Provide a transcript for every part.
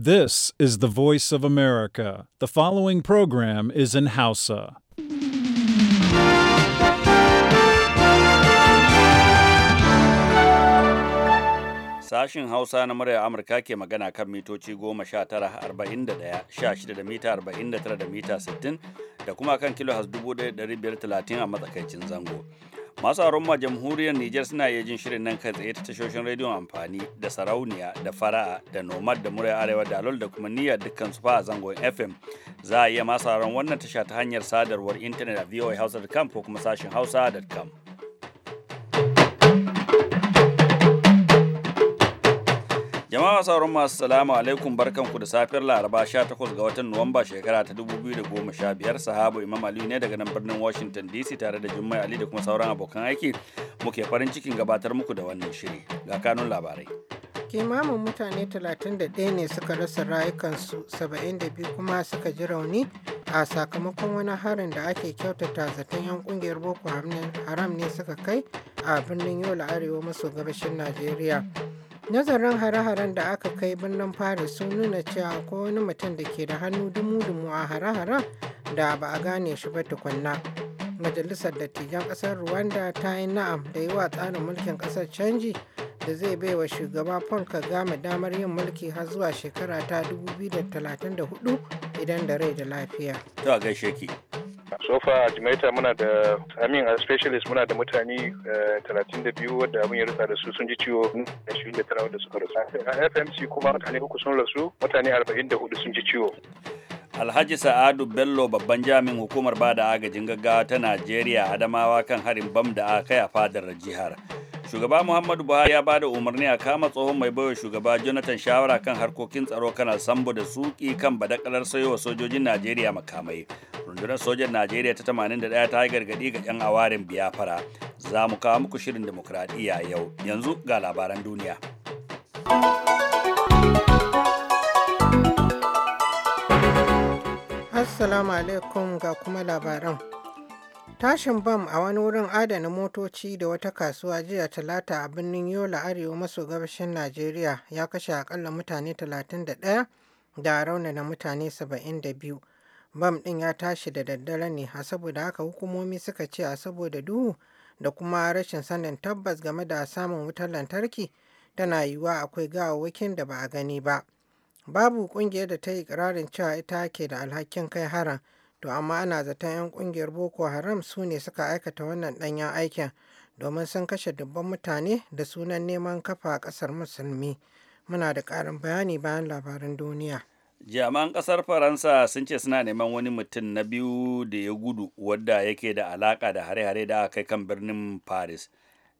This is the voice of America. The following program is in Hausa. Sashin Hausa na murya Amurka ke magana kan mitoci goma sha tara arba'in da ɗaya sha shida da mita arba'in da tara da mita sittin da kuma kan kilo has dubu ɗaya ɗari biyar talatin a matsakaicin zango. masu ma jamhuriyar Nijar suna iya jin shirin nan kai tsaye ta tashoshin rediyon amfani da sarauniya da fara'a da nomad da murai arewa da alol da kuma niyyar dukkan su fa a zangon FM za a iya masu wannan tasha ta hanyar sadarwar intanet a voahouse.com ko kuma sashin hausa.com Jama'a sauran masu salamu alaikum barkanku da safiyar Laraba 18 ga watan Nuwamba shekara ta 2015 Sahabu Imam Aliyu ne daga nan birnin Washington DC tare da Jummai Ali da kuma sauran abokan aiki muke farin cikin gabatar muku da wannan shiri ga kanun labarai. Kimamin mutane 31 ne suka rasa rayukansu 72 kuma suka ji rauni a sakamakon wani harin da ake kyautata zaton 'yan kungiyar Boko Haram ne suka kai a birnin Yola Arewa maso gabashin Najeriya. Nazarin hare-haren da aka kai birnin Paris sun nuna cewa ko wani mutum da ke da hannu dumu-dumu a hare-haren da ba a gane shi ba tukunna. Majalisar Dattijan Ƙasar Rwanda ta yi na'am da yi wa tsarin mulkin ƙasar canji da zai baiwa wa shugaba Paul Kagame damar yin mulki har zuwa shekara ta 2034 idan da rai da lafiya. To a gaishe ki. sofa a jimaita muna da amin a specialist muna da mutane 32 eh, wadda abin ya rutsa da su sun ji ciwo da shi da tara da suka rutsa a fmc kuma mutane uku sun rasu mutane 44 sun ji ciwo Alhaji Sa'adu Bello babban jami'in hukumar bada agajin gaggawa ta Najeriya Adamawa kan harin bam da aka kai a fadar jihar. shugaba muhammadu buhari ya bada umarni a kama tsohon mai baiwa shugaba jonathan shawara kan harkokin tsaro kana sambo da suki kan badakalar sayowa sojojin najeriya makamai rundunar sojan najeriya ta 81 ta yi gargadi ga yan awarin biyafara za mu kawo muku shirin demokradiyya yau yanzu ga labaran duniya assalamu alaikum ga kuma labaran Tashin bam a wani wurin adana motoci da wata kasuwa jiya talata a birnin Yola Arewa maso gabashin Najeriya ya kashe akalla mutane 31 da na mutane 72. Bam ɗin ya tashi da daddare ne a saboda haka hukumomi suka ce a saboda duhu da kuma rashin sanin tabbas game da samun wutar lantarki tana yiwuwa akwai gawawwakin da ba a gani ba. Babu ƙungiyar da ta yi ƙirarin cewa ita ke da alhakin kai haran To amma ana zaton 'yan kungiyar Boko Haram su ne suka aikata wannan ɗanyen aikin domin sun kashe dubban mutane da sunan neman kafa a kasar musulmi. Muna da karin bayani bayan labarin duniya. jami'an kasar faransa sun ce suna neman wani mutum na biyu da ya gudu wadda yake da alaka da hare-hare da aka kai kan birnin paris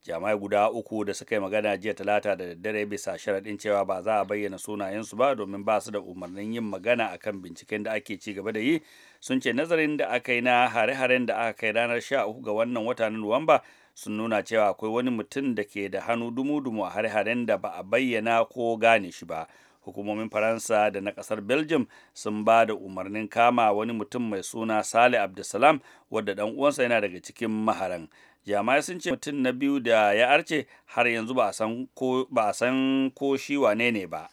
jamai guda uku da suka yi magana jiya talata da daddare bisa sharaɗin cewa ba za a bayyana sunayensu ba domin ba su da umarnin yin magana a kan binciken da ake ci gaba da yi sun ce nazarin da aka yi na hare-haren da aka kai ranar sha uku ga wannan wata na nuwamba sun nuna cewa akwai wani mutum da ke da hannu dumu-dumu a hare-haren da ba a bayyana ko gane shi ba hukumomin faransa da na kasar belgium sun ba da umarnin kama wani mutum mai suna sale abdulsalam wadda dan uwansa yana daga cikin maharan jama'ai sun ce mutum na biyu da ya arce har yanzu ba a san ko shi wane ne ba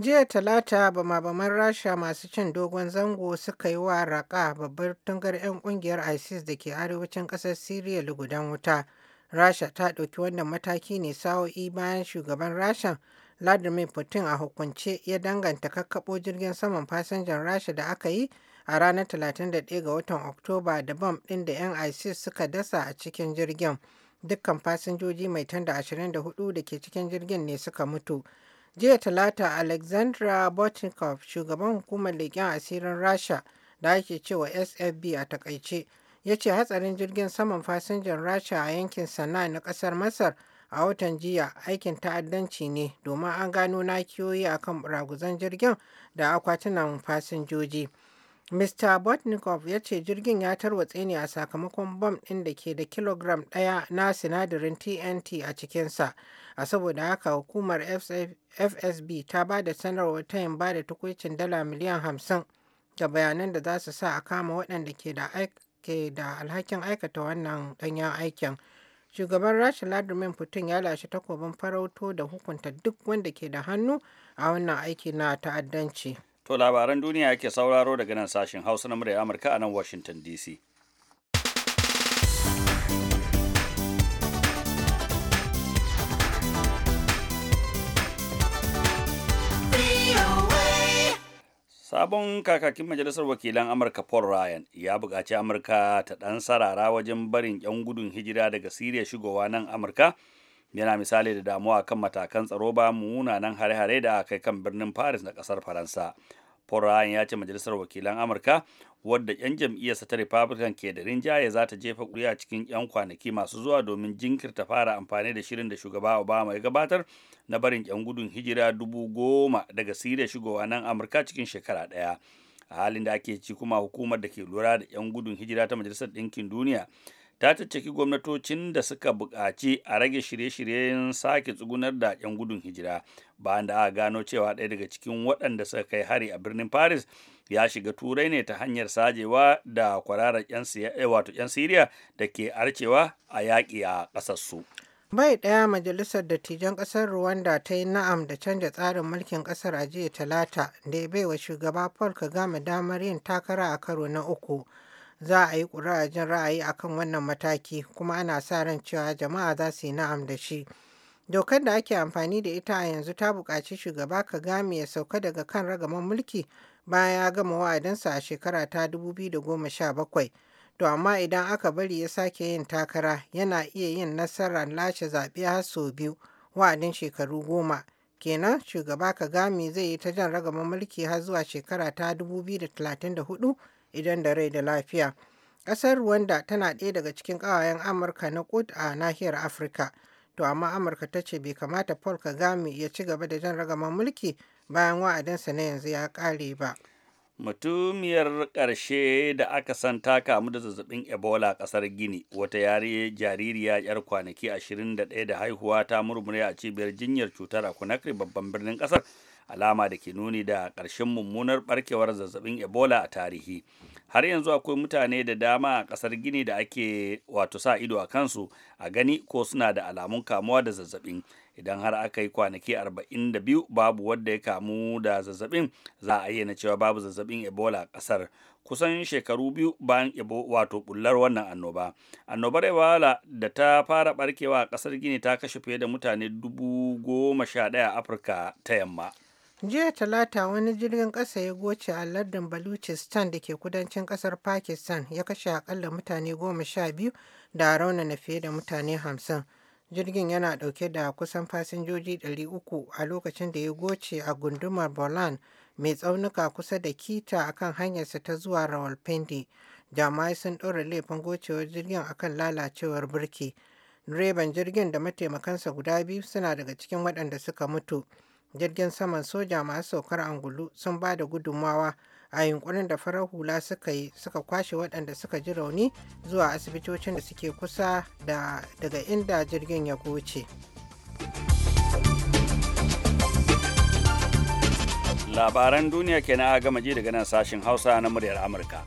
jiya talata bama-baman rasha masu cin dogon zango suka yi wa raƙa babbar tungar 'yan kungiyar isis da ke arewacin kasar syria lugudan wuta rasha ta ɗauki wannan mataki ne sa'o'i bayan shugaban rasha vladimir putin a hukunce ya danganta kakkaɓo jirgin saman fasinjan rasha da aka yi a ranar 31 ga watan Oktoba da bam ɗin da 'yan ISIS suka dasa a cikin jirgin. Dukkan fasinjoji mai tanda 24 da ke cikin jirgin ne suka mutu. Jiya Talata Alexandra Botnikov, shugaban hukumar leƙen asirin Rasha da ake cewa SFB a takaice, ya ce hatsarin jirgin saman fasinjan Rasha a yankin Sana'a na ƙasar Masar a watan jiya aikin ta'addanci ne domin an gano nakiyoyi akan raguzan jirgin da akwatunan fasinjoji. Mr. Botnikov ya ce jirgin ya tarwatse ne a sakamakon bom ɗin da ke da kilogram ɗaya na sinadarin TNT a cikinsa, a saboda haka hukumar FSB ta ba da sanarwar tayin ba da tukwicin dala miliyan hamsin da bayanan da za su sa a kama waɗanda ke da alhakin aikata wannan ɗanyen aikin. Shugaban Rasha Ladumin Putin ya lashe takobin farauto da hukunta duk wanda ke da hannu a wannan aiki na ta'addanci. To labaran duniya yake sauraro daga nan sashen Hausa na murya Amurka a nan Washington DC. Sabon kakakin Majalisar Wakilan Amurka Paul Ryan ya buƙaci Amurka ta ɗan sarara wajen barin 'yan gudun hijira daga Siriya shigowa nan Amurka yana misali da damuwa kan matakan tsaro ba munanan hare-hare da aka kai kan birnin paris na kasar faransa paul ryan ya ce majalisar wakilan amurka wadda 'yan jam'iyyarsa ta republican ke da rinjaye za ta jefa kuri'a cikin 'yan kwanaki masu zuwa domin jinkirta fara amfani da shirin da shugaba obama ya gabatar na barin 'yan gudun hijira dubu goma daga siriya shigowa nan amurka cikin shekara ɗaya a halin da ake ci kuma hukumar da ke lura da 'yan gudun hijira ta majalisar ɗinkin duniya ta caccaki gwamnatocin da suka buƙaci a rage shirye-shiryen sake tsugunar da 'yan gudun hijira bayan da aka gano cewa ɗaya daga cikin waɗanda suka kai hari a birnin paris ya shiga turai ne ta hanyar sajewa da kwararar 'yan eh, siriya da ke arcewa a yaƙi a ƙasarsu bai ɗaya majalisar dattijan ƙasar rwanda ta yi na'am da canza tsarin mulkin ƙasar a jiya talata da ya baiwa shugaba paul kagame damar yin takara a karo na uku za a yi ƙuri'ar jin ra'ayi kan wannan mataki kuma ana sa ran cewa jama'a za su yi na'am da shi. Dokar da ake amfani da ita a yanzu ta buƙaci shugaba Kagame ya sauka daga kan ragaman mulki baya ya gama wa'adinsa a shekara ta 2017. To amma idan aka bari ya sake yin takara yana iya yin nasarar lashe zaɓe har sau biyu wa'adin shekaru goma. Kenan shugaba Kagame zai yi ta jan ragaman mulki har zuwa shekara ta 2034 idan da rai da lafiya. Ƙasar Rwanda tana ɗaya daga cikin ƙawayen Amurka na kut a nahiyar Afirka. To amma Amurka ta ce bai kamata Paul Kagame ya ci gaba da jan ragaman mulki bayan wa'adinsa na yanzu ya ƙare ba. mutumiyar ƙarshe da aka san ta kamu da zazzabin ebola a ƙasar gini wata yare jaririya yar kwanaki 21 da haihuwa ta murmure a cibiyar jinyar cutar a conakry babban birnin ƙasar alama da ke nuni da ƙarshen mummunar barkewar zazzabin ebola a tarihi har yanzu akwai mutane da dama a ƙasar gini da ake wato sa ido a kansu a gani ko suna da alamun kamuwa da zazzabin idan har aka yi kwanaki 42 babu wadda ya kamu da zazzabin za a na cewa babu zazzabin ebola a ƙasar kusan shekaru biyu bayan wato bullar wannan annoba annobar ebola da ta fara barkewa a ƙasar gini ta kashe fiye da mutane dubu goma sha ɗaya afirka ta yamma jiya talata wani jirgin ƙasa ya goce a lardin baluchistan da ke kudancin ƙasar pakistan ya kashe akalla mutane goma sha biyu da raunana fiye da mutane hamsin jirgin yana ɗauke da kusan fasinjoji ɗari uku a lokacin da ya goce a gundumar bolan mai tsaunuka kusa da kita akan hanyarsa ta zuwa rawalpindi jama'ai sun ɗora laifin gocewar jirgin akan lalacewar birki direban jirgin da mataimakansa guda biyu suna daga cikin waɗanda suka mutu jirgin saman soja masu saukar angulu sun ba da gudunmawa a yunkurin da farar hula suka yi suka kwashe waɗanda suka ji rauni zuwa asibitocin da suke kusa daga inda jirgin ya goce. labaran duniya ke na gama ji daga nan sashen hausa na muryar amurka.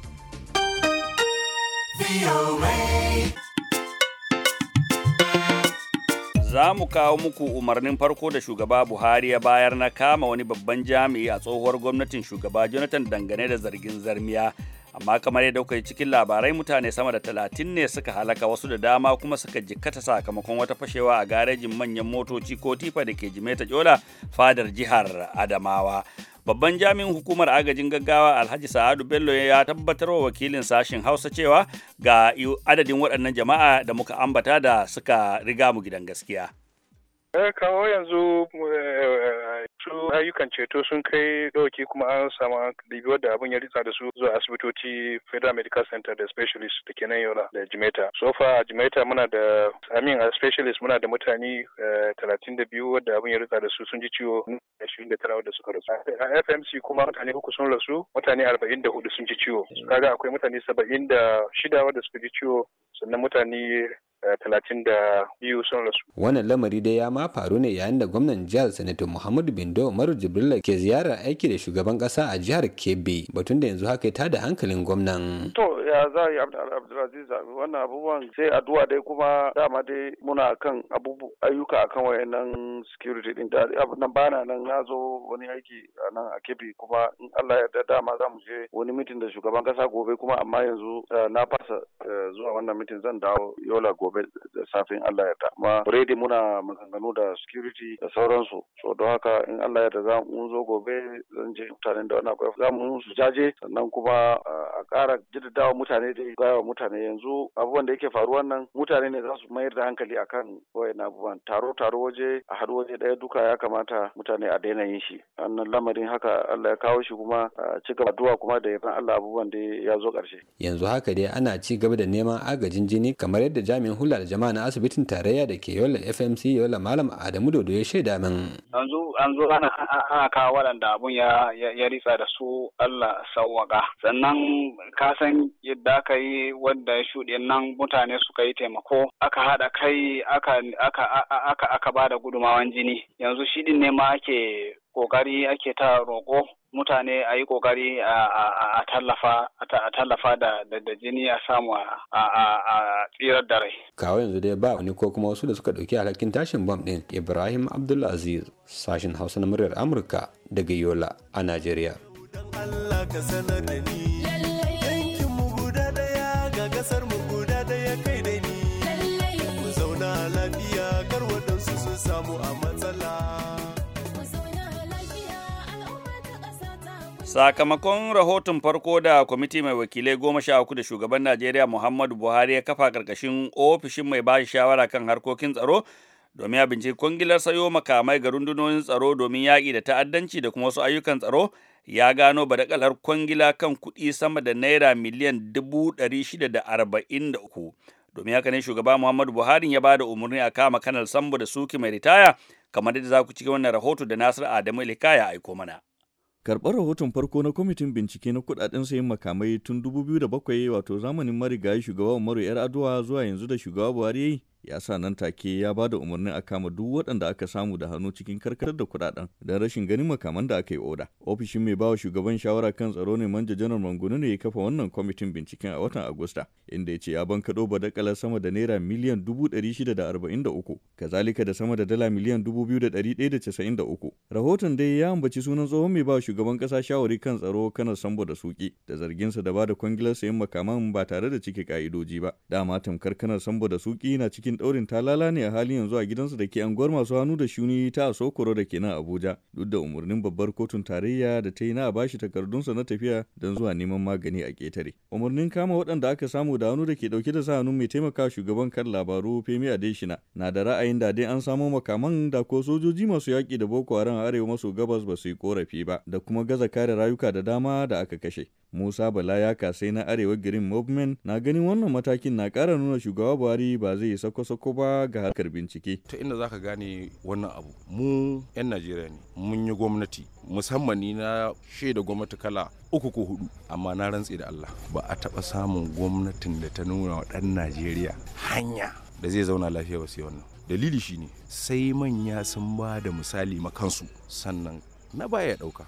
za mu kawo muku umarnin farko da shugaba Buhari ya bayar na kama wani babban jami'i a tsohuwar gwamnatin shugaba Jonathan dangane da zargin zarmiya. Amma kamar yadda kuka yi cikin labarai mutane sama da talatin ne suka halaka wasu da dama kuma suka jikkata sakamakon wata fashewa a garejin manyan motoci ko tifa da ke jimeta jola fadar jihar Adamawa. babban jami'in hukumar agajin gaggawa alhaji sa'adu bello ya tabbatar wa wakilin sashen hausa cewa ga adadin waɗannan jama'a da muka ambata da suka riga mu gidan gaskiya Eh, kawo yanzu eh, su ayyukan ceto sun kai dauki kuma an samu ɗibi wadda abin ya ritsa da su zuwa asibitoci federal medical center da specialist da kenan yola da jimeta so far a jimeta muna da amin a specialist muna da mutane eh, talatin da biyu wadda abin ya ritsa da su sun ji ciwo shirin da tara wadda suka rasu a fmc kuma mutane uku sun rasu mutane arba'in da hudu sun ji ciwo kaga akwai mutane saba'in da shida wadda suka ji ciwo sannan mutane Eh, talatin da biyu sun rasu. Wannan lamari dai ya ma faru ne yayin da gwamnan jihar Sanato Muhammadu Bindo Umaru Jibrila ke ziyarar aiki da shugaban kasa a jihar Kebbi batun da yanzu haka ta da hankalin gwamnan. To ya za a yi Abdulaziz wannan abubuwan sai addu'a dai kuma dama dai muna kan abubu ayyuka akan wayannan security din da nan bana nan na zo wani aiki a nan a Kebbi kuma in Allah ya dama za mu je wani mitin da shugaban kasa gobe kuma amma yanzu eh, na fasa eh, zuwa wannan mitin zan dawo Yola gobe. gobe da safin Allah ya ta. amma Brady muna maganganu da security da sauransu. So don haka in Allah ya ta za mu zo gobe zan je mutane da wani akwai za mu su jaje sannan kuma a ƙara jiddawa mutane da gaya mutane yanzu abubuwan da yake faruwa nan mutane ne za su mayar da hankali akan wayan abubuwan taro taro waje a haɗu waje ɗaya duka ya kamata mutane a daina yin shi. Wannan lamarin haka Allah ya kawo shi kuma ci gaba duwa kuma da yardan Allah abubuwan da ya zo ƙarshe. Yanzu haka dai ana ci gaba da neman agajin jini kamar yadda jami'in hulɗa da jama'a na asibitin tarayya da ke yola FMC yola malam Adamu Dodo ya shaida min. Yanzu ana ana kawo waɗanda abun ya ya ritsa da su Allah sauwaƙa Sannan ka san yadda aka yi wanda ya shuɗe nan mutane suka yi taimako aka haɗa kai aka aka aka aka bada gudumawan jini. Yanzu shi din ne ma ake kokari ake ta roƙo mutane a yi kokari a tallafa da jini a samu a tsirar da rai kawo yanzu dai ba wani ko kuma wasu da suka dauki alhakin tashin bom din ibrahim abdulaziz sashin hausa na muryar amurka daga yola a najeriya samu a matsala Sakamakon rahoton farko da kwamiti mai wakilai goma sha uku da shugaban Najeriya Muhammadu Buhari ya kafa ƙarƙashin ofishin mai bashi shawara kan harkokin tsaro domin abinci, binciki kwangilar sayo makamai ga rundunonin tsaro domin yaƙi da ta'addanci da kuma wasu ayyukan tsaro ya gano badakalar kwangila kan kuɗi sama da naira miliyan dubu ɗari shida da arba'in da uku domin haka ne shugaba muhammadu buhari ya ba da umarni a kama kanal sambo da suki mai ritaya kamar yadda za ku ci wannan rahoto da Nasiru adamu ilika ya aiko mana karɓar rahoton farko na kwamitin bincike na kudaden sayin makamai tun 2007 wato zamanin marigayi shugaba maro yar aduwa zuwa yanzu da shugaba buhari ya sa nan take ya ba da umarnin a kama duk waɗanda aka samu da hannu cikin karkatar da kuɗaɗen don rashin ganin makaman da aka yi oda. Ofishin mai bawa shugaban shawara kan tsaro ne manja janar Mangunu ne ya kafa wannan kwamitin binciken a watan Agusta inda ya ce ya bankaɗo badakalar sama da naira miliyan dubu ɗari shida da arba'in da uku kazalika da sama da dala miliyan dubu biyu da ɗari ɗaya da casa'in da uku. Rahoton dai ya ambaci sunan tsohon mai bawa shugaban ƙasa shawari kan tsaro kanar Sambo da Suki da zarginsa da ba da kwangilar sayan makaman ba tare da cike ka'idoji ba. Dama tamkar kana Sambo da Suki na cikin ɗaurin ta lalane a halin yanzu a gidansu da ke anguwar masu hannu da shuni ta Asokoro da ke nan Abuja duk da umarnin babbar kotun tarayya da ta yi na a bashi takardunsa na tafiya don zuwa neman magani a ƙetare. Umarnin kama waɗanda aka samu da hannu da ke ɗauke da sa hannu mai taimaka shugaban kan labaru Femi Adeshina na da ra'ayin da dai an samo makaman da ko sojoji masu yaƙi da Boko Haram a arewa maso gabas ba su yi korafi ba da kuma gaza kare rayuka da dama da aka kashe. Musa Bala ya kasai na Arewa Green Movement na ganin wannan matakin na ƙara nuna shugaba Buhari ba zai sako-sako ba ga harkar bincike. Ta inda zaka gane wannan abu mu 'yan Najeriya ne mun yi gwamnati musamman ni na shaida gwamnati kala uku ko hudu amma na rantse da Allah ba a taɓa samun gwamnatin da ta nuna wa ɗan Najeriya hanya da zai zauna lafiya ba sai wannan. Dalili shine sai manya sun ba da misali makansu sannan na baya ɗauka.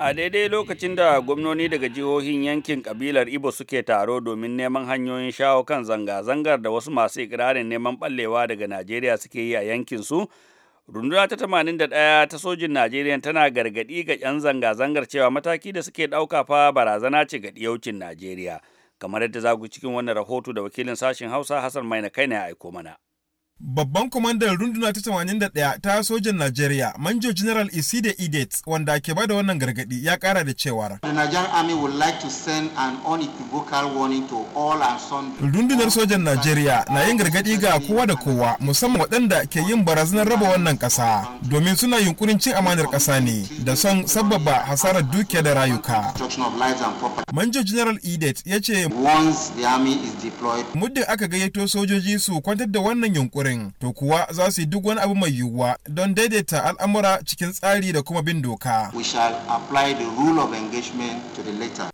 A daidai lokacin da gwamnoni daga jihohin yankin kabilar Ibo suke taro domin neman hanyoyin shawo kan zanga-zangar da wasu masu ikirarin neman ɓallewa daga Najeriya suke yi a yankinsu, runduna ta 81 ta sojin Najeriya tana gargaɗi ga 'yan zanga-zangar cewa mataki da suke ɗauka fa barazana ce ga ɗiyaucin Najeriya. Kamar yadda za cikin wannan rahoto da wakilin sashen Hausa Hassan Maina kai ne ya aiko mana. Babban kwamandan runduna ta 81 ta sojan Najeriya, Manjo General Iside Idet, wanda ke bada wannan gargadi ya kara da cewa. Army would like to send an unequivocal warning to all and Rundunar sojan Najeriya na yin gargadi ga kowa da kowa, musamman waɗanda ke yin barazanar raba wannan ƙasa, domin suna yunkurin cin amanar ƙasa ne da son sababa hasarar dukiya da rayuka. Manjo General Idet ya ce, is muddin aka gayyato sojoji su kwantar da wannan yunkurin lamarin to kuwa za su yi duk wani abu mai yiwuwa don daidaita al'amura cikin tsari da kuma bin doka.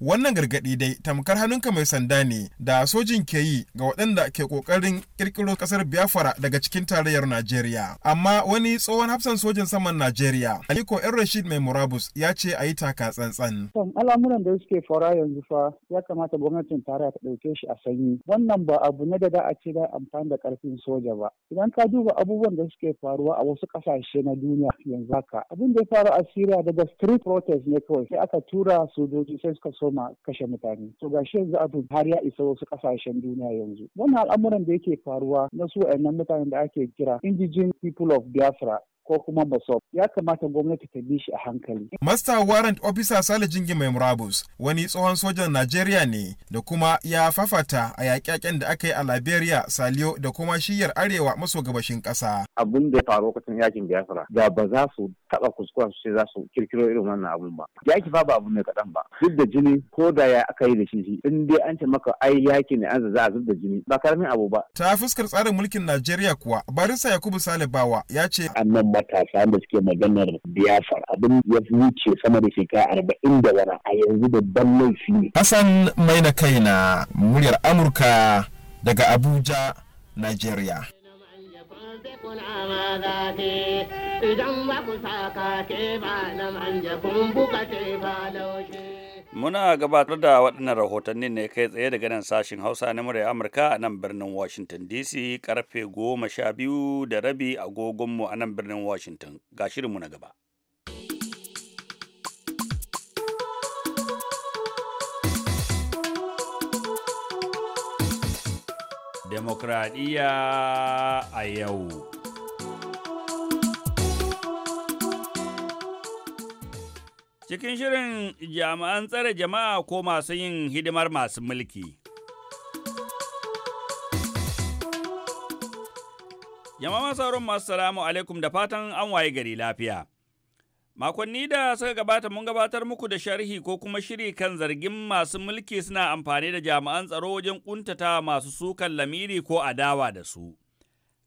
Wannan gargaɗi dai tamkar hannunka mai sanda ne da sojin ke yi ga waɗanda ke ƙoƙarin ƙirƙiro ƙasar Biafra daga cikin tarayyar Najeriya. Amma wani tsohon hafsan sojin saman Najeriya, Aliko ‘yan Rashid Mai Murabus ya ce a yi taka tsantsan. Al'amuran da suke fara yanzu fa ya kamata gwamnatin tarayya ta ɗauke shi a sanyi. Wannan ba abu ne da za a ce da amfani da ƙarfin soja ba. idan ka duba abubuwan da suke faruwa a wasu kasashe na duniya yanzu haka abin da ya faru a syria daga street protest ne kawai sai aka tura sojoji sai suka soma kashe mutane to gashi yanzu abu har ya isa wasu kasashen duniya yanzu wannan al'amuran da yake faruwa na su wa'annan mutanen da ake kira indigenous people of biafra ko kuma masof ya kamata gwamnati ta bi shi a hankali. Master Warrant Officer Sale Jingi Mai Murabus wani tsohon sojan Najeriya ne da kuma ya fafata a yaƙyaƙen da aka yi a Liberia, Saliyo da kuma shiyar arewa maso gabashin ƙasa. Abin da ya faru lokacin yakin Biafra da ba za su taɓa kuskuren su ce za su kirkiro irin wannan abun ba. Yaki fa ba abu ne kaɗan ba. Duk da jini ko da ya aka yi da shi in dai an ce maka ai yaki ne an za a zub da jini ba karamin abu ba. Ta fuskar tsarin mulkin Najeriya kuwa Barisa Yakubu Sale Bawa ya ce. matasa da suke maganar biyafar abin ya wuce sama da shekara arba'in da wani a yanzu ban laifi ne. Hassan mai na kai na muryar Amurka daga Abuja, Nigeria. Idan ba ku saka ke ba Muna gabatar da waɗannan rahotannin ne kai tsaye daga nan sashen Hausa na murya Amurka a nan birnin Washington DC karfe goma sha biyu da rabi agogonmu a nan birnin Washington. Ga shirinmu na gaba. Demokradiyya a yau. Cikin shirin jami'an tsare jama'a ko masu yin hidimar masu mulki. Jama'a sauran masu salamu alaikum da fatan an waye gari lafiya. Makonni da suka gabata mun gabatar muku da sharhi ko kuma shiri kan zargin masu mulki suna amfani da jami'an tsaro wajen kuntata masu sukan lamiri ko adawa da su.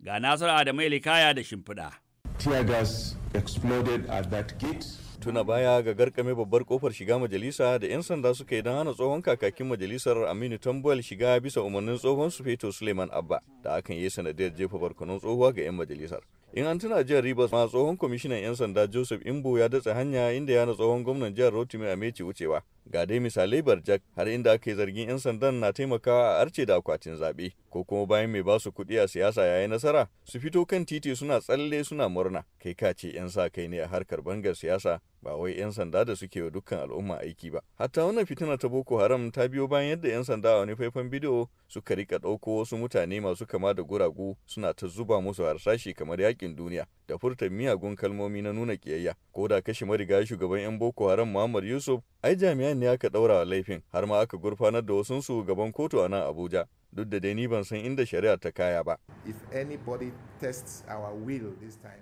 Ga Nasiru Adamu Likaya da shimfiɗa. Tear gas exploded at that gate. Tuna baya ga garkame babbar kofar shiga majalisa da 'yan sanda suka yi don hana tsohon kakakin majalisar Aminu Tambuwal shiga bisa umarnin tsohon su Feto Suleiman Abba da akan yi sanadiyar jefa barkonon tsohuwa ga 'yan majalisar. in an tuna jihar Rivers ma tsohon kwamishinan 'yan sanda Joseph Imbo ya datse hanya inda ya na tsohon gwamnan jihar Rotimi a mece wucewa. Ga dai misalai barjak har inda aka yi zargin 'yan sandan na taimakawa a arce da akwatin zaɓe ko kuma bayan mai basu kuɗi a siyasa yayi nasara su fito kan titi suna tsalle suna murna kai ka ce 'yan sa kai ne a harkar bangar siyasa ba wai 'yan sanda da suke wa dukkan al'umma aiki ba hatta wannan fitina ta boko haram ta biyo bayan yadda 'yan sanda a wani faifan bidiyo suka rika ɗauko wasu mutane masu kama da guragu suna ta zuba musu harsashi kamar yakin duniya da furta miyagun kalmomi na nuna kiyayya ko da kashe mariga shugaban 'yan boko haram muhammad yusuf ai jami'an ne aka ɗaura laifin har ma aka gurfanar da wasunsu gaban kotu a nan abuja duk da dai ni ban san inda shari'a ta kaya ba.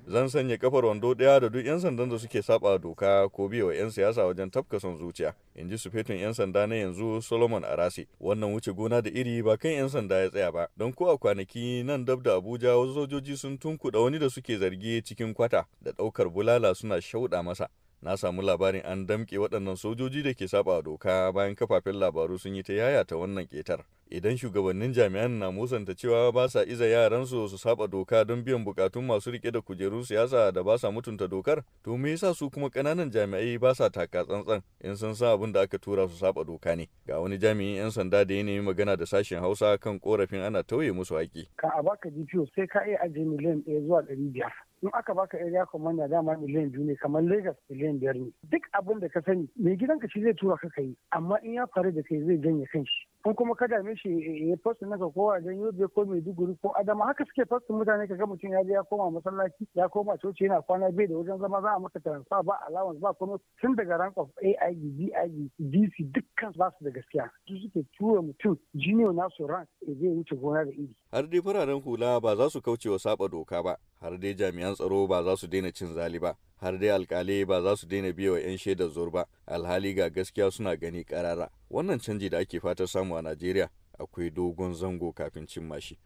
Zan sanya kafar wando ɗaya da duk 'yan sandan da suke saba doka ko biya wa 'yan siyasa wajen tafka son zuciya. In ji sufetun 'yan sanda na yanzu Solomon Arasi. Wannan wuce gona da iri ba kan 'yan sanda ya tsaya ba. Don ko a kwanaki nan dab da Abuja wasu sojoji sun tunkuɗa wani da suke zargi cikin kwata da ɗaukar bulala suna shauɗa masa. na samu labarin an damƙe waɗannan sojoji da ke saba doka bayan kafafen labaru sun yi ta yaya ta wannan ƙetar idan shugabannin jami'an na musanta cewa ba sa iza yaransu su saba doka don biyan bukatun masu rike da kujeru siyasa da ba sa mutunta dokar to me yasa su kuma kananan jami'ai ba sa taka tsantsan in sun san abin da aka tura su saba doka ne ga wani jami'in yan sanda da ya nemi magana da sashen hausa kan korafin ana tauye musu haƙi ka a baka dpo sai ka iya ajiye miliyan ɗaya zuwa ɗari biyar in aka baka area commander dama miliyan biyu ne kamar Lagos miliyan biyar ne duk abin da ka sani mai gidanka shi zai tura ka kai amma in ya faru da kai zai janye kanshi in kuma ka dame shi ya fasu naka ko a jan yobe ko maiduguri ko adama haka suke fasu mutane kaga mutum ya je ya koma masallaci ya koma coci yana kwana bai da wajen zama za a maka transfer ba allowance ba kuma tun daga rank of aig big dc dukkan ba su da gaskiya su suke tura mutum na nasu rank zai wuce gona da iri har dai fararen hula ba za su kauce wa saba doka ba har dai jami'an tsaro ba za su daina cin zali ba har dai alkalai ba za su daina biya wa 'yan shaidar zur ba alhali ga gaskiya suna gani karara wannan canji da ake fatar samu a najeriya akwai dogon zango kafin cimma shi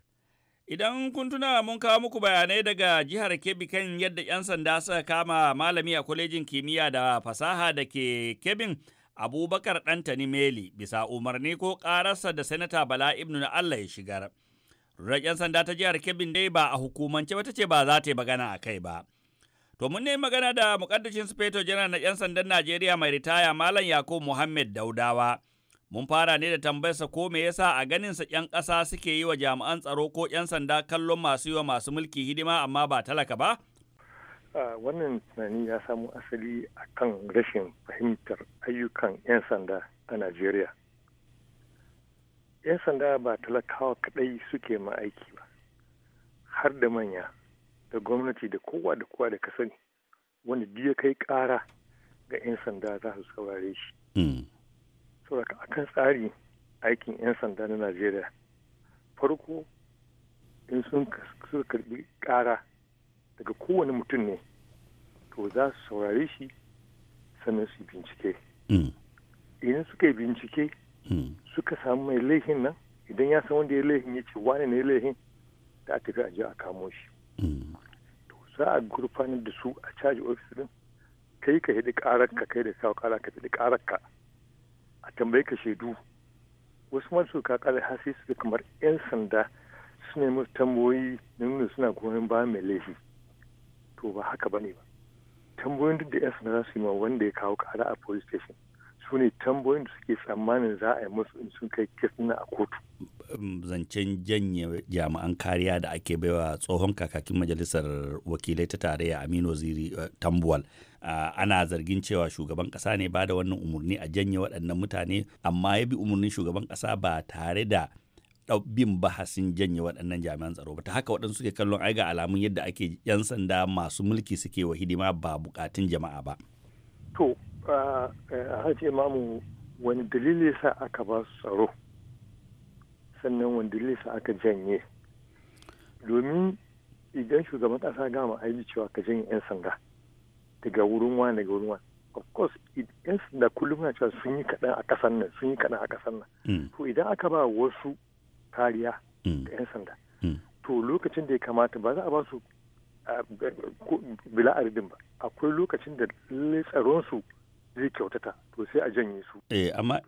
Idan kun tuna mun kawo muku bayanai daga jihar Kebbi kan yadda 'yan sanda suka kama malami a kwalejin kimiyya da fasaha da ke Kebbin Abubakar Ɗantani Meli bisa umarni ko ƙararsa da Sanata Bala Ibnu na Allah ya shigar. Raƙen sanda ta jihar Kebbin dai ba a hukumance ba ta ce ba za ta yi magana a kai ba. To mun ne magana da mukaddashin Sufeto Janar na 'yan sandan Najeriya mai ritaya Malam Yakubu Muhammad Daudawa. Mun fara ne da tambayarsa ko me yasa a ganin sa 'yan ƙasa suke yi wa jami'an tsaro ko 'yan sanda kallon masu yi wa masu mulki hidima amma ba talaka ba? Wannan tunani ya samo asali a kan rashin fahimtar ayyukan 'yan sanda a Najeriya. 'yan sanda ba talakawa kaɗai suke ma aiki ba har da manya da gwamnati da kowa da kowa da ka sani wanda kai ƙara ga 'yan sanda za su saurare shi hmm. saboda akan tsari aikin 'yan sanda na najeriya farko in sun karɓi ƙara daga kowane mutum ne to za su saurare shi sannan su bincike hmm. in suka bincike suka samu mai laifin nan idan ya san wanda ya laifin ya ce wane ne laifin da aka fi aje a kamo shi to za a gurfanar da su a caji ofis din kai ka hidi karar kai da sau kara ka hidi karar a tambaye ka shaidu wasu masu ka kara hasi su kamar yan sanda su nemi tamboyi na nuna suna goyon ba mai laifi to ba haka ba ne ba tamboyin duk da yan sanda za su yi ma wanda ya kawo kara a police station su ne tambayoyin da suke tsammanin za a yi musu in sun kai kes a kotu. Um, zancen janye jami'an kariya da ake baiwa tsohon kakakin majalisar wakilai ta tarayya Aminu Ziri uh, Tambuwal. Uh, ana zargin cewa shugaban kasa ne ba da wannan umarni a janye waɗannan mutane amma ya bi umarnin shugaban kasa ba tare da bin bahasin janye waɗannan jami'an tsaro ba ta haka waɗansu suke kallon ai ga alamun yadda ake yan sanda masu mulki suke wa hidima ba bukatun jama'a ba. To Eh, haifi mamu wani dalili sa aka ba su tsaro sannan wani dalili sa aka janye domin idan shugaban ƙasa gama aiki cewa ka janye 'yan sanda daga wurin wani daga wurin wani of course yan sanda kullum na cewa sun yi kaɗan a ƙasar nan sun yi kaɗan a ƙasar nan mm. to idan aka ba wasu kariya da yan mm. sanda mm. to lokacin da ya kamata ba za a ba su ah, eh, bila ba akwai lokacin da tsaron su zai kyautata to sai a janye su eh amma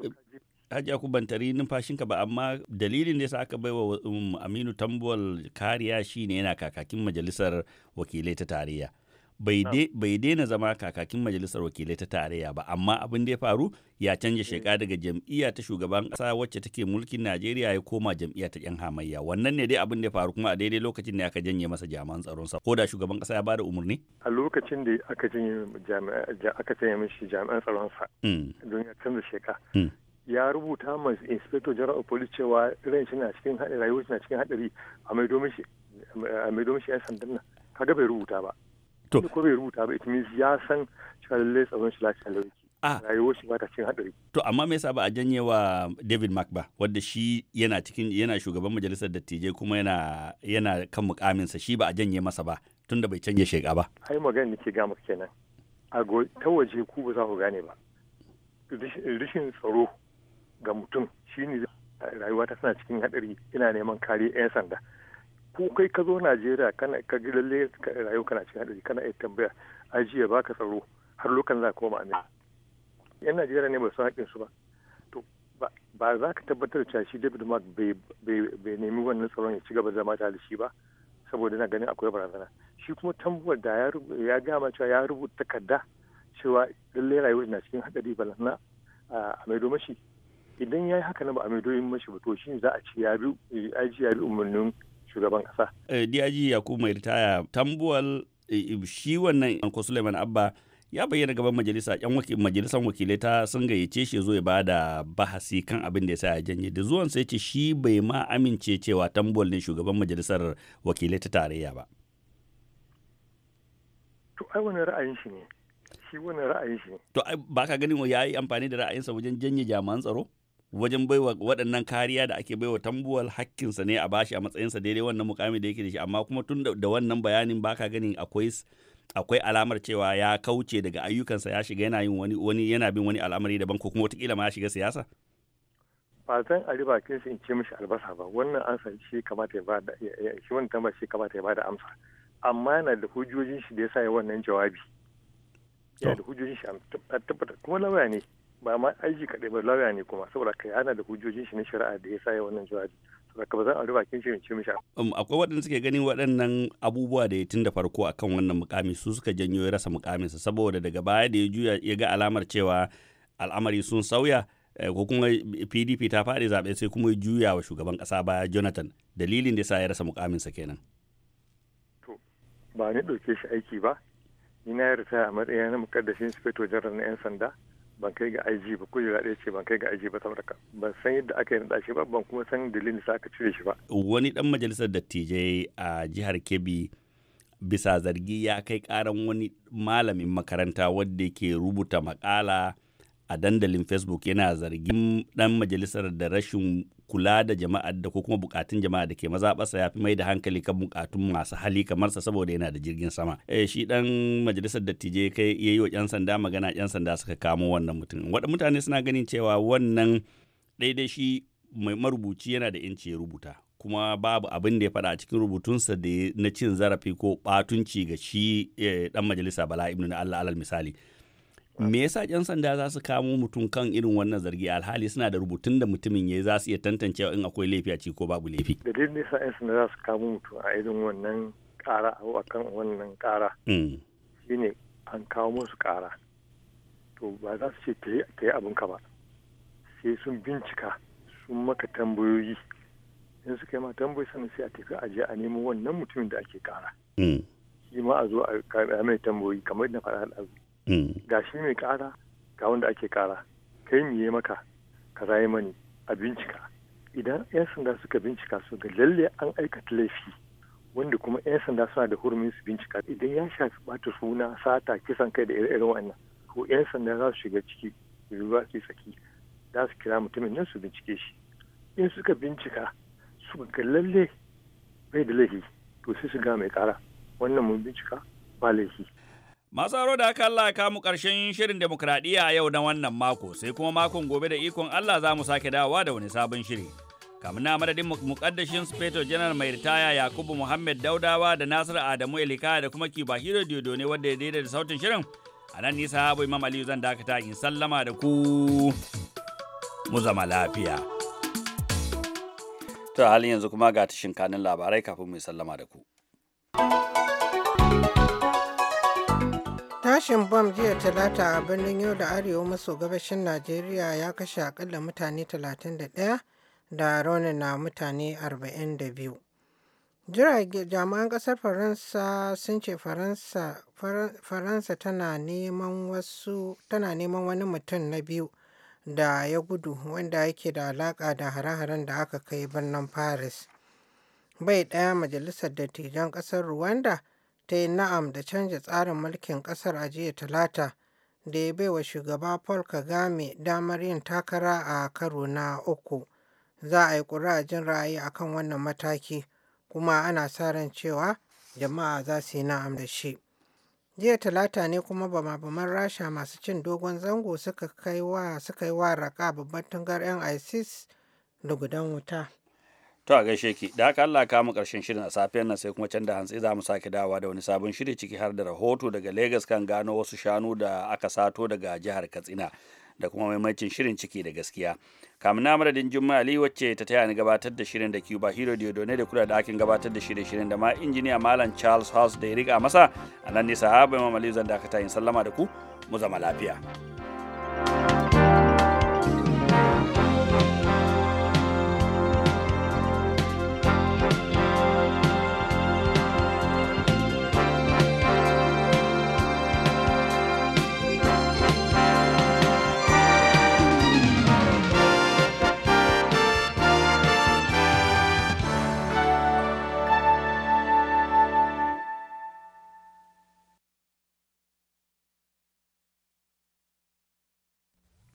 ku bantari tari numfashinka ba amma dalilin da yasa aka bai wa um, Aminu Tambuwal kariya shine yana kakakin majalisar wakilai ta tarayya bai daina zama kakakin majalisar wakilai ta tarayya ba amma abin da ya faru ya canja eh. sheka daga jam'iyya ta shugaban kasa wacce take mulkin najeriya ya koma jam'iyya ta yan hamayya wannan ne dai abin da ya faru kuma a daidai lokacin da aka janye masa jami'an tsaron sa ko da shugaban kasa ya bada umarni a lokacin da aka janye aka janye mishi jami'an tsaron sa hmm. don ya canza sheka hmm. ya rubuta ma inspector general of police cewa ran shi na cikin hadari rayuwar shi na cikin hadari a domin shi a domin shi ya sandan nan kaga bai rubuta ba to ko bai rubuta ba it means ya san cewa tsaron shi lafiya lauki ah. rayuwar ba ta cin hadari to amma me yasa ba a janye wa David Mark ba wanda shi yana cikin yana shugaban majalisar dattijai kuma yana yana kan mukaminsa shi ba a janye masa ba tunda bai canje shiga ba ai magana nake gama maka kenan a ta waje ku ba za ku gane ba rishin tsaro ga mutum shine rayuwa ta tana cikin hadari ina neman kare 'yan sanda ko kai ka zo Najeriya kana ka lalle rayuwa kana cikin hadari kana iya tambaya ajiya baka tsaro har lokacin za ka koma Amerika yan Najeriya ne ba su haƙin su ba to ba za ka tabbatar da shi David Mark bai nemi wannan tsaron ya ci gaba zama tare da shi ba saboda na ganin akwai barazana shi kuma tambuwar da ya gama cewa ya rubuta takarda cewa lalle rayuwar na cikin hadari na a maido mashi idan ya yi haka na ba a maido mashi ba to shi za a ce ya bi umarnin shugaban kasa. Eh, DIG Yakubu mai ritaya tambuwal eh, shi wannan Anko Suleiman Abba ya bayyana gaban majalisa yan majalisar wakilai ta sun gayyace shi zo ya ba da bahasi kan abin da ya sa ya janye da zuwan sai ce shi bai ma amince cewa tambuwal ne shugaban majalisar wakilai ta tarayya ba to ai wani ra'ayin shi ne shi wani ra'ayin shi ne to ai ba ka ganin ya yi amfani da ra'ayinsa wajen janye jami'an tsaro wajen baiwa waɗannan kariya da ake baiwa tambuwal hakkinsa ne a bashi a matsayinsa daidai wannan mukami da yake da shi amma kuma tun da wannan bayanin baka ganin akwai akwai alamar cewa ya kauce daga ayyukansa ya shiga yana yin wani wani yana bin wani al'amari daban ko kuma wataƙila ma ya shiga siyasa ba zan a riba kin in ce mishi albasa ba wannan ansa shi kamata ya bada shi wannan tambaya shi kamata ya bada amsa amma yana da hujjojin shi da yasa ya wannan jawabi yana da hujjojin shi a tabbata kuma lauya ne ba ma aiki kaɗai ba lauya ne kuma saboda kai ana da hujjojin shi na shari'a da ya sa ya wannan jawabi saboda ka ba zan aure bakin shi ce mishi um, akwai waɗanda suke ganin waɗannan abubuwa da ya tun da farko akan wannan mukami su suka janyo ya rasa mukaminsa saboda daga baya da ya juya ya ga alamar cewa al'amari sun sauya eh, ko kuma pdp ta faɗi zaɓe sai kuma juya wa shugaban ƙasa baya jonathan dalilin da sa ya rasa mukamin mukaminsa kenan to ba ni ɗauke shi aiki ba ni na yarda a matsayin mukaddashin sifeto jarar na 'yan sanda ban kai ga IG ba ko ɗaya ce ban kai ga IG ba saboda ban san yadda aka yi naɗa shi ba ban kuma san dalilin da aka cire shi ba. Wani dan majalisar dattijai a jihar Kebbi bisa zargi ya kai karan wani malamin makaranta wanda yake rubuta makala a dandalin Facebook yana zargin dan majalisar da rashin kula da jama'a da ko kuma bukatun jama'a da ke maza mazaɓarsa ya fi mai da hankali kan bukatun masu hali kamar sa saboda yana da jirgin sama eh, shi dan majalisar dattijai kai yi wa yan sanda magana yan sanda suka kamo wannan mutum wanda mutane suna ganin cewa wannan daidai shi mai marubuci yana da yanci ya rubuta kuma babu abin da ya faɗa a cikin rubutunsa da na cin zarafi ko batunci ga shi dan eh, majalisa bala ibnu na allah alal misali me yasa yan sanda za su kamo mutum kan irin wannan zargi alhali suna da rubutun da mutumin ya za su iya tantancewa in akwai laifi a ko babu laifi da dai nisa yan sanda za su kamo mutum a irin wannan kara ko akan wannan kara mm. shine an kawo musu kara to ba za su ce ta yi ka ba sai sun bincika sun maka tambayoyi in suka yi ma tambayi sannan sai a tafi a je a nemo wannan mutumin da ake kara mm. shi ma a zo a mai tambayoyi kamar yadda faɗa ga shi mai kara ga wanda ake kara kai miye maka ka yi mani a bincika idan 'yan sanda suka bincika su ga lalle an aikata laifi wanda kuma 'yan sanda suna da hurumin su bincika idan ya shafi bata suna sata kisan kai da irin wannan ko 'yan sanda za su shiga ciki ruwa su tsaki za su kira mutumin nan su bincike shi in suka bincika su ga lalle bai da laifi to sai su ga mai kara wannan mun bincika ba laifi Masu aro da aka Allah kamu ƙarshen shirin demokradiyya yau na wannan mako sai kuma makon gobe da ikon Allah za mu sake dawowa da wani sabon shiri. Kamun na madadin mukaddashin Speto Janar mai ritaya Yakubu Muhammad Daudawa da Nasir Adamu Elika da kuma Kiba Hiro Diodo ne wanda ya daida da sautin shirin. A nan nisa Habu Imam Aliyu zan dakata in sallama da ku mu zama lafiya. To halin yanzu kuma ga tashin kanin labarai kafin mu sallama da ku. sashen bam jiya talata a birnin yau da arewa maso gabashin Najeriya ya kashe akalla mutane 31 da raunin na mutane 42. Jirage jami'an kasar Faransa sun ce Faransa tana neman tana neman wani mutum na biyu da ya gudu wanda yake da alaka da hare-haren da aka kai birnin Paris. Bai ɗaya majalisar dattijan ƙasar Rwanda ta yi na'am da canza tsarin mulkin ƙasar a jiya Talata da ya bai wa shugaba Paul Kagame damar yin takara a karo na uku. Za a yi jin ra'ayi a kan wannan mataki kuma ana sa ran cewa jama'a za su yi na'am da shi. Jiya Talata ne kuma bama-baman Rasha masu cin dogon zango suka yi wa raka babban tungar 'yan ISIS da gudan wuta. To a gaishe ki, da haka Allah ka mu karshen shirin a safiyar nan sai kuma can da hantsi za mu sake dawa da wani sabon shiri ciki har da rahoto daga Lagos kan gano wasu shanu da aka sato daga jihar Katsina da kuma maimacin shirin ciki da gaskiya. Kamin na madadin Jumma Ali wacce ta taya ni gabatar da shirin da Cuba Hero Diodone da kula da akin gabatar da shirin shirin da ma injiniya Malam Charles House da ya riga masa a nan ne sahaba Imam Ali zan dakata yin sallama da ku mu zama lafiya.